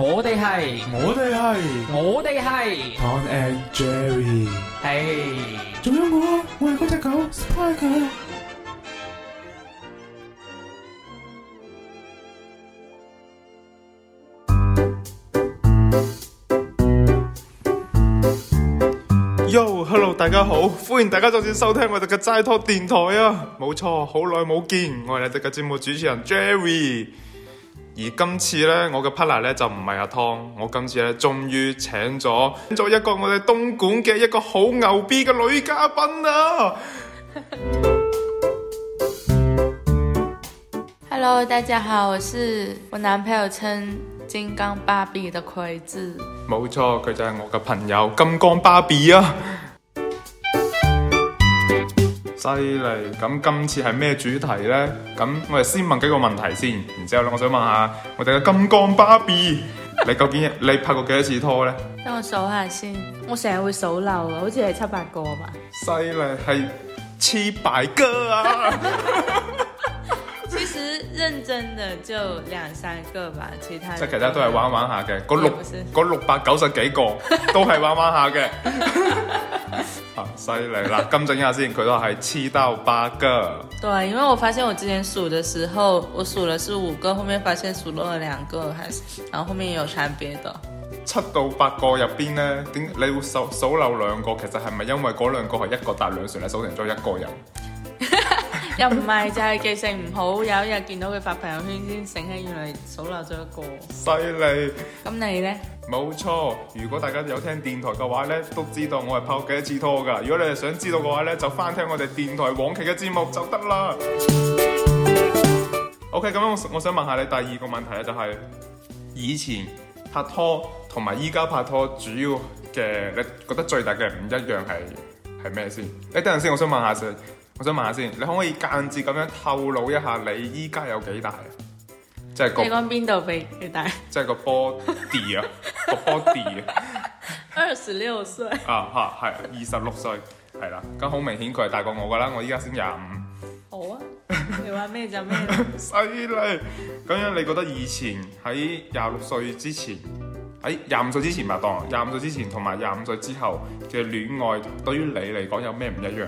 我哋係，我哋係，我哋係。Tom and Jerry，係。仲有我，我係嗰隻狗，Spy 狗。Yo，hello，大家好，歡迎大家再次收聽我哋嘅齋托電台啊！冇錯，好耐冇見，我係你哋嘅節目主持人 Jerry。而今次呢，我嘅 partner 呢就唔係阿湯。我今次呢，終於請咗咗一個我哋東莞嘅一個好牛逼嘅女嘉賓啊 Hello，大家好，我是我男朋友稱金剛芭比嘅葵子，冇錯，佢就係我嘅朋友金剛芭比啊！ 犀利，咁今次係咩主題呢？咁我哋先問幾個問題先，然之後咧，我想問下我哋嘅金剛芭比，你究竟你拍過幾多次拖呢？等我數下先，我成日會數漏嘅，好似係七八個吧。犀利，係七百個啊！其實認真的就兩三個吧，其他即係其他都係玩玩下嘅，嗰六嗰六百九十幾個都係玩玩下嘅。好犀利啦！金整下先，佢都係七到八個。對，啊，因為我發現我之前數的時候，我數了是五個，後面發現數漏了兩個，還是然後後面有差別的。七到八個入邊呢點你會數數漏兩個？其實係咪因為嗰兩個係一個搭兩船咧，你數成咗一個人？又唔係就係記性唔好，有一日見到佢發朋友圈先醒起，原來數落咗一個。犀利。咁你呢？冇錯，如果大家有聽電台嘅話呢，都知道我係拍過幾多次拖㗎。如果你哋想知道嘅話呢，就翻聽我哋電台往期嘅節目就得啦。 OK，咁我我想問下你第二個問題咧，就是，就係以前拍拖同埋依家拍拖主要嘅，你覺得最大嘅唔一樣係係咩先？誒、欸，等陣先，我想問，問一下就。我想問下先，你可唔可以間接咁樣透露一下你依家有幾大？即係講邊度俾幾大？即係個 body 啊， 個 body。二十六歲。啊吓，係二十六歲，係啦。咁好明顯佢係大過我噶啦，我依家先廿五。好啊，你話咩就咩。犀 利。咁樣你覺得以前喺廿六歲之前，喺廿五歲之前咪當，廿五歲之前同埋廿五歲之後嘅戀愛，對於你嚟講有咩唔一樣？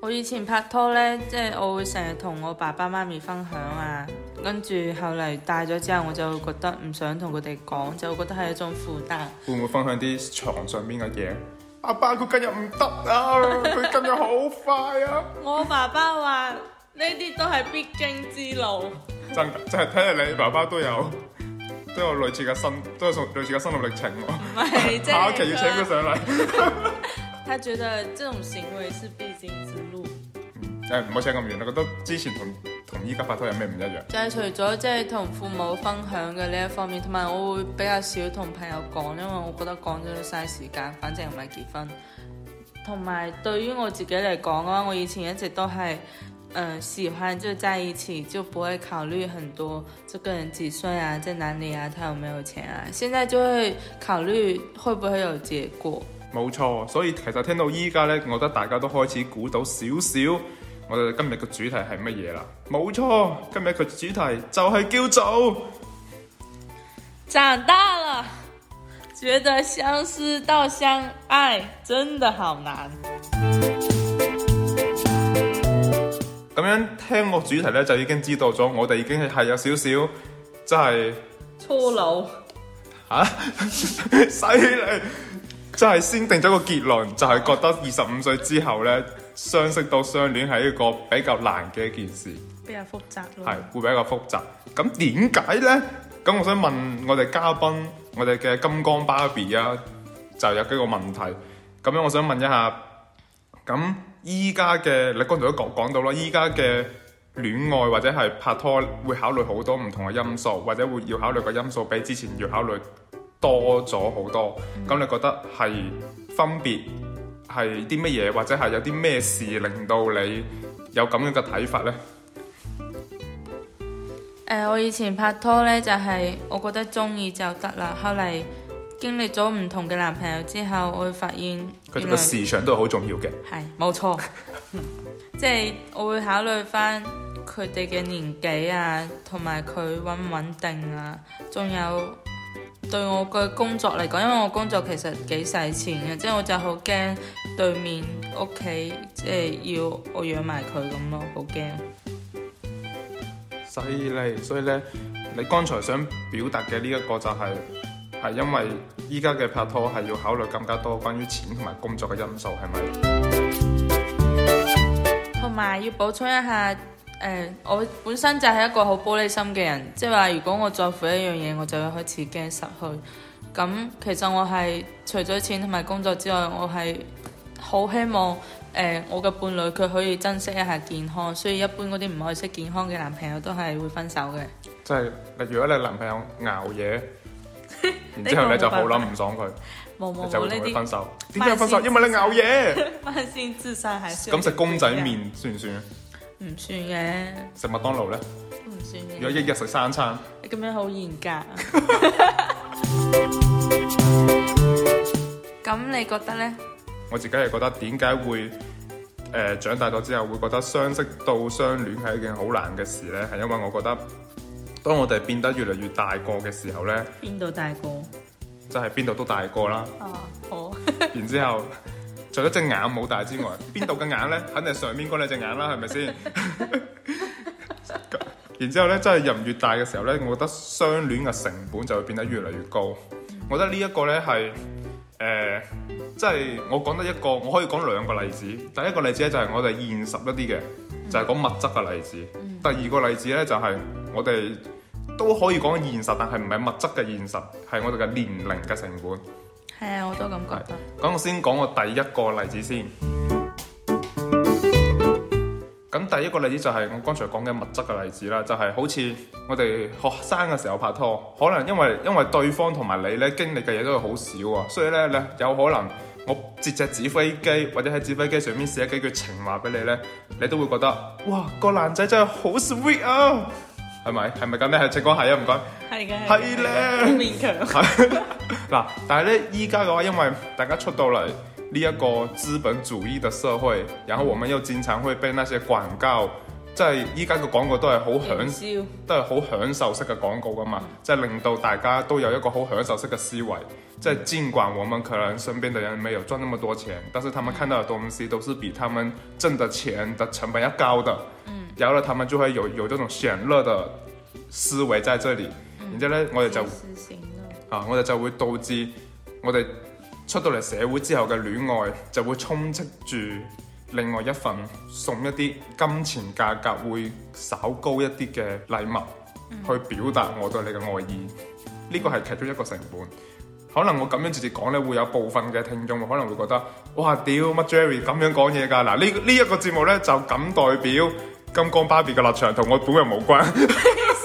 我以前拍拖咧，即係我會成日同我爸爸媽咪分享啊，跟住後嚟大咗之後，我就會覺得唔想同佢哋講，就會覺得係一種負擔。會唔會分享啲床上邊嘅嘢？阿爸佢今日唔得啊，佢 今日好快啊！ 我爸爸話呢啲都係必經之路。真，真係睇嚟你爸爸都有都有類似嘅心，都有類似嘅心路歷程喎。唔係，啊，即係，啊就係啊，下期要請佢上嚟。 他覺得這種行為是必經之路。嗯，哎，冇想咁遠，你覺得之前同同依家拍拖有咩唔一樣？除咗即係同父母分享嘅呢一方面，同埋我會比較少同朋友講，因為我覺得講咗要嘥時間，反正唔係結婚。同埋對於我自己嚟講嘅、啊、話，我以前一直都係，嗯、呃，喜歡就在一起，就不會考慮很多，這個人幾歲啊，在哪裏啊，他有沒有錢啊？現在就會考慮會不會有結果。冇錯，所以其實聽到依家咧，我覺得大家都開始估到少少，我哋今日嘅主題係乜嘢啦。冇錯，今日嘅主題就係叫做長大了，覺得相思到相愛真的好難。咁樣聽個主題咧，就已經知道咗，我哋已經係有少少，即係初老吓，犀利。 就係先定咗個結論，就係覺得二十五歲之後咧，相識到相戀係一個比較難嘅一件事，比較複雜，係會比較複雜。咁點解咧？咁我想問我哋嘉賓，我哋嘅金剛芭比啊，就有幾個問題。咁樣我想問一下，咁依家嘅你剛才都講講到啦，依家嘅戀愛或者係拍拖會考慮好多唔同嘅因素，或者會要考慮嘅因素比之前要考慮，多咗好多，咁你覺得係分別係啲乜嘢，或者係有啲咩事令到你有咁樣嘅睇法呢？呃、我以前拍拖呢，就係、是、我覺得中意就得啦。後嚟經歷咗唔同嘅男朋友之後，我會發現佢哋嘅時長都係好重要嘅，係冇錯，即 係 我會考慮翻佢哋嘅年紀啊，同埋佢穩唔穩定啊，仲有。對我嘅工作嚟講，因為我工作其實幾使錢嘅，即係我就好驚對面屋企即係要我養埋佢咁咯，好驚。犀利。所以咧，所以呢，你剛才想表達嘅呢一個就係，係因為依家嘅拍拖係要考慮更加多關於錢同埋工作嘅因素，係咪？同埋要補充一下。誒、uh, 我本身就係一個好玻璃心嘅人，即係話如果我在乎一樣嘢，我就會開始驚失去。咁其實我係除咗錢同埋工作之外，我係好希望誒、uh, 我嘅伴侶佢可以珍惜一下健康。所以一般嗰啲唔愛惜健康嘅男朋友都係會分手嘅。即、就、係、是、如果你男朋友熬夜， 然之後你就好諗唔爽佢，冇 就會同佢分手。點解分手？ 因為你熬夜。慢性智商下降。咁食公仔麪算唔算啊？唔算嘅，食麥當勞咧唔算嘅。如果一日食三餐，咁樣好嚴格啊！咁 你覺得呢？我自己係覺得為什麼，點解會誒長大咗之後會覺得相識到相戀係一件好難嘅事呢？係因為我覺得，當我哋變得越嚟越大個嘅時候呢，邊度大個？即係邊度都大個啦。哦、啊，好， 然之後。 除咗隻眼冇大之外，邊度嘅眼呢？肯定上面嗰兩隻眼啦，係咪先？ 然之後呢，真係人越大嘅時候呢，我覺得相戀嘅成本就會變得越嚟越高、嗯。我覺得呢一個呢，係即係我講得一個，我可以講兩個例子。第一個例子呢，就係我哋現實一啲嘅、嗯，就係、是、講物質嘅例子、嗯。第二個例子呢，就係我哋都可以講現實，但係唔係物質嘅現實，係我哋嘅年齡嘅成本。係啊，我都咁覺得。咁我先講我第一個例子先。咁第一個例子就係我剛才講嘅物質嘅例子啦，就係好似我哋學生嘅時候拍拖，可能因為因為對方同埋你咧經歷嘅嘢都會好少啊，所以咧你有可能我折隻紙飛機或者喺紙飛機上面寫幾句情話俾你咧，你都會覺得哇個男仔真係好 sweet 啊！係咪？係咪咁咧？係只講係啊，唔該。係嘅。係咧。勉強。嗱， 但係咧，依家嘅話，因為大家出到嚟呢一個資本主義嘅社會，然後我們又經常會被那些廣告，嗯就是、現在依家嘅廣告都係好享，都係好享受式嘅廣告噶嘛，即、就、係、是、令到大家都有一個好享受式嘅思維。即係盡管我們可能身邊嘅人沒有賺那麼多錢，但是他們看到嘅東西都是比他們掙的錢的成本要高嘅。嗯。有後咧，他們就會有有這種享樂的思維在這裏。然之後咧、嗯，我哋就啊，我哋就會導致我哋出到嚟社會之後嘅戀愛就會充斥住另外一份送一啲金錢價格會稍高一啲嘅禮物、嗯、去表達我對你嘅愛意。呢、嗯呢個係其中一個成本。可能我咁樣直接講咧，會有部分嘅聽眾可能會覺得，哇，屌乜 Jerry 咁樣講嘢噶？嗱，呢呢一個節目咧就咁代表。金剛芭比嘅立場同我本人冇關，咩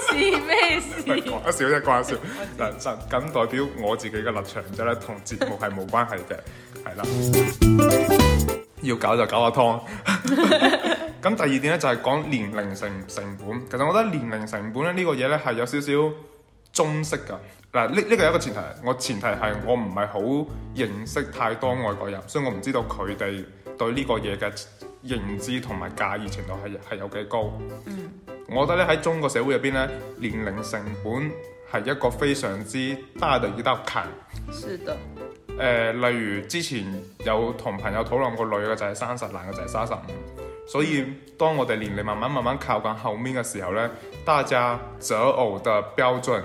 事咩事？講 一笑即係關笑。嗱就咁代表我自己嘅立場就咧同節目係冇關係嘅，係 啦。要搞就搞下湯。咁 第二點咧就係、是、講年齡成成本。其實我覺得年齡成本咧呢、這個嘢咧係有少少中式㗎。嗱呢呢個有一個前提，我前提係我唔係好認識太多外國人，所以我唔知道佢哋對呢個嘢嘅。認知同埋介意程度係係有幾高？嗯，我覺得咧喺中國社會入邊咧，年齡成本係一個非常之大嘅一道坎。是的。誒、呃，例如之前有同朋友討論過女嘅就係三十，男嘅就係三十五。所以當我哋年齡慢慢慢慢靠近後面嘅時候咧，大家擇偶嘅標準，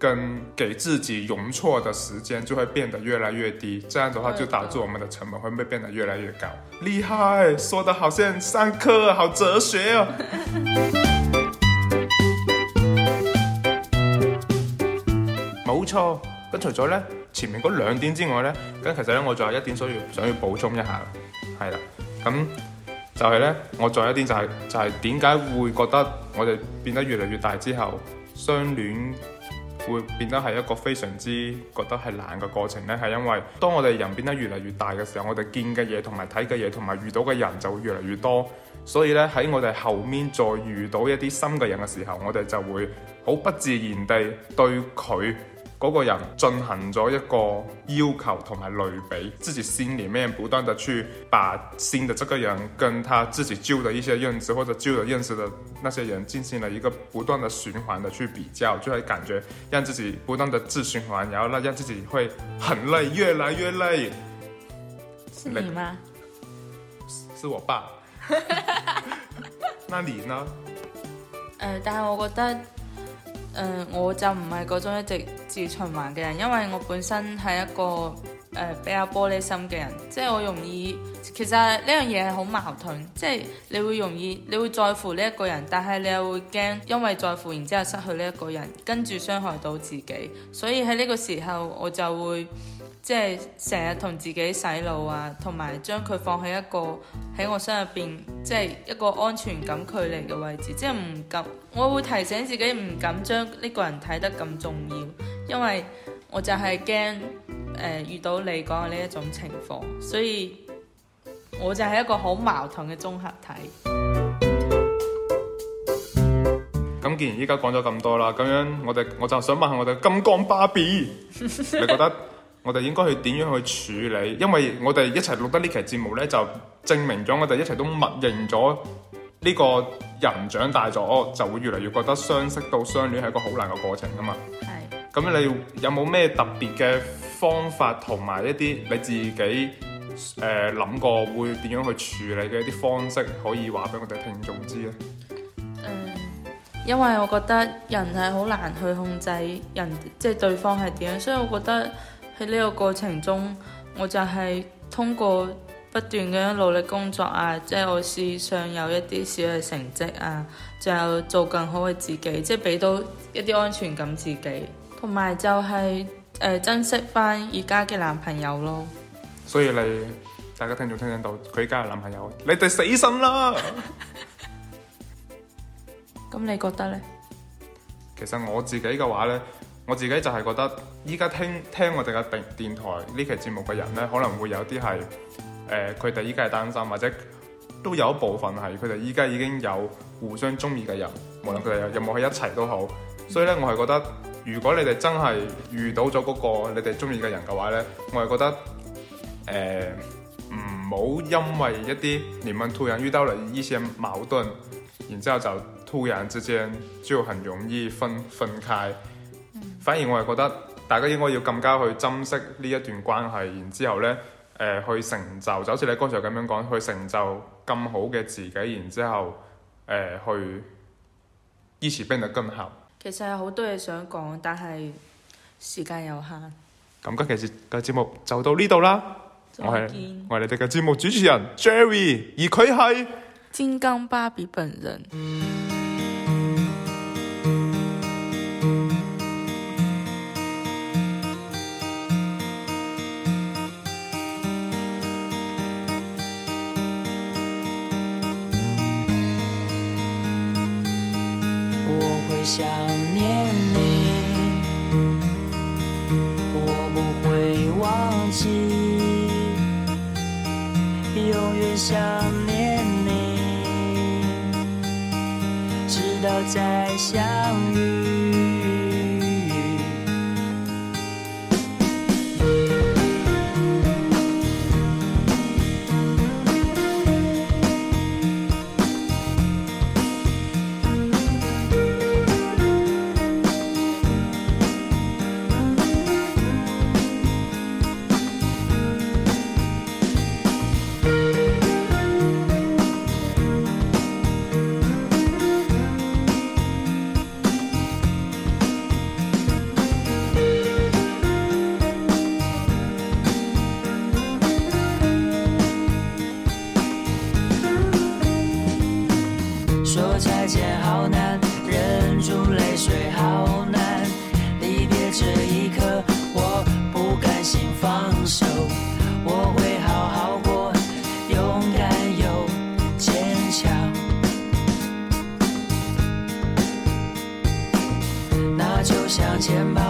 跟給自己容錯的時間就會變得越來越低，這樣的話就導致我們的成本會不會變得越來越高。厲害，說的好像上課，好哲學喲、哦。冇 錯，咁除咗咧前面嗰兩點之外，跟咁其實呢我仲有一點想要想要補充一下，係啦，咁就係呢，我仲有一點就係、是、就係點解會覺得我哋變得越來越大之後相戀。會變得係一個非常之覺得係難嘅過程咧，係因為當我哋人變得越嚟越大嘅時候，我哋見嘅嘢同埋睇嘅嘢同埋遇到嘅人就會越嚟越多，所以咧喺我哋後面再遇到一啲新嘅人嘅時候，我哋就會好不自然地對佢。嗰、那個人進行咗一個要求同埋類比，自己心裡面不斷的去把新的這個人跟他自己舊的一些認知或者舊的認識的那些人進行了一個不斷的循環的去比較，就會感覺讓自己不斷的自循環，然後那讓自己會很累，越來越累。是你嗎？你是，是我爸。 那你呢？呃、但係我覺得，呃、我就唔係嗰種一直。自循環嘅人，因為我本身係一個、呃、比較玻璃心嘅人，即係我容易其實呢樣嘢係好矛盾，即係你會容易你會在乎呢一個人，但係你又會驚因為在乎，然之後失去呢一個人，跟住傷害到自己。所以喺呢個時候我就會即係成日同自己洗腦啊，同埋將佢放喺一個喺我心入邊，即係一個安全感距離嘅位置，即係唔敢。我會提醒自己唔敢將呢個人睇得咁重要。因為我就係驚誒遇到你講嘅呢一種情況，所以我就係一個好矛盾嘅綜合體。咁既然依家講咗咁多啦，咁樣我哋我就想問下我哋金剛芭比， 你覺得我哋應該去點樣去處理？因為我哋一齊錄得呢期節目呢，就證明咗我哋一齊都默認咗呢個人長大咗就會越嚟越覺得相識到相戀係一個好難嘅過程㗎嘛。哎咁你有冇咩特別嘅方法同埋一啲你自己誒諗過會點樣去處理嘅一啲方式，可以話俾我哋聽眾知咧？嗯，因為我覺得人係好難去控制人，即係對方係點樣，所以我覺得喺呢個過程中，我就係通過不斷嘅努力工作啊，即係我試想有一啲小嘅成績啊，仲有做更好嘅自己，即係俾到一啲安全感自己。同埋就係、是、誒、呃，珍惜翻而家嘅男朋友咯。所以你大家聽眾聽聽到佢而家嘅男朋友，你哋死心啦。咁你覺得呢？其實我自己嘅話呢，我自己就係覺得依家聽聽我哋嘅電電台呢期節目嘅人呢，可能會有啲係誒，佢哋依家係擔心，或者都有一部分係佢哋依家已經有互相中意嘅人，無論佢哋有有冇喺一齊都好。嗯、所以呢，我係覺得。如果你哋真係遇到咗嗰個你哋中意嘅人嘅話咧，我係覺得誒唔好因為一啲，你們突然遇到了一些矛盾，然之後就突然之間就很容易分分開，嗯，反而我係覺得大家應該要更加去珍惜呢一段關係，然之後咧誒、呃、去成就，就好似你剛才咁樣講去成就更好嘅自己，然之後誒、呃、去彼此變得更合。其實有好多嘢想講，但係時間有限。咁今期節嘅節目就到呢度啦。我係我係你哋嘅節目主持人 Jerry，而佢係金剛芭比本人。嗯。說再見好難，忍住淚水好難。離別這一刻，我不甘心放手，我會好好過，勇敢又堅強。那就向前吧。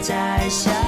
在想。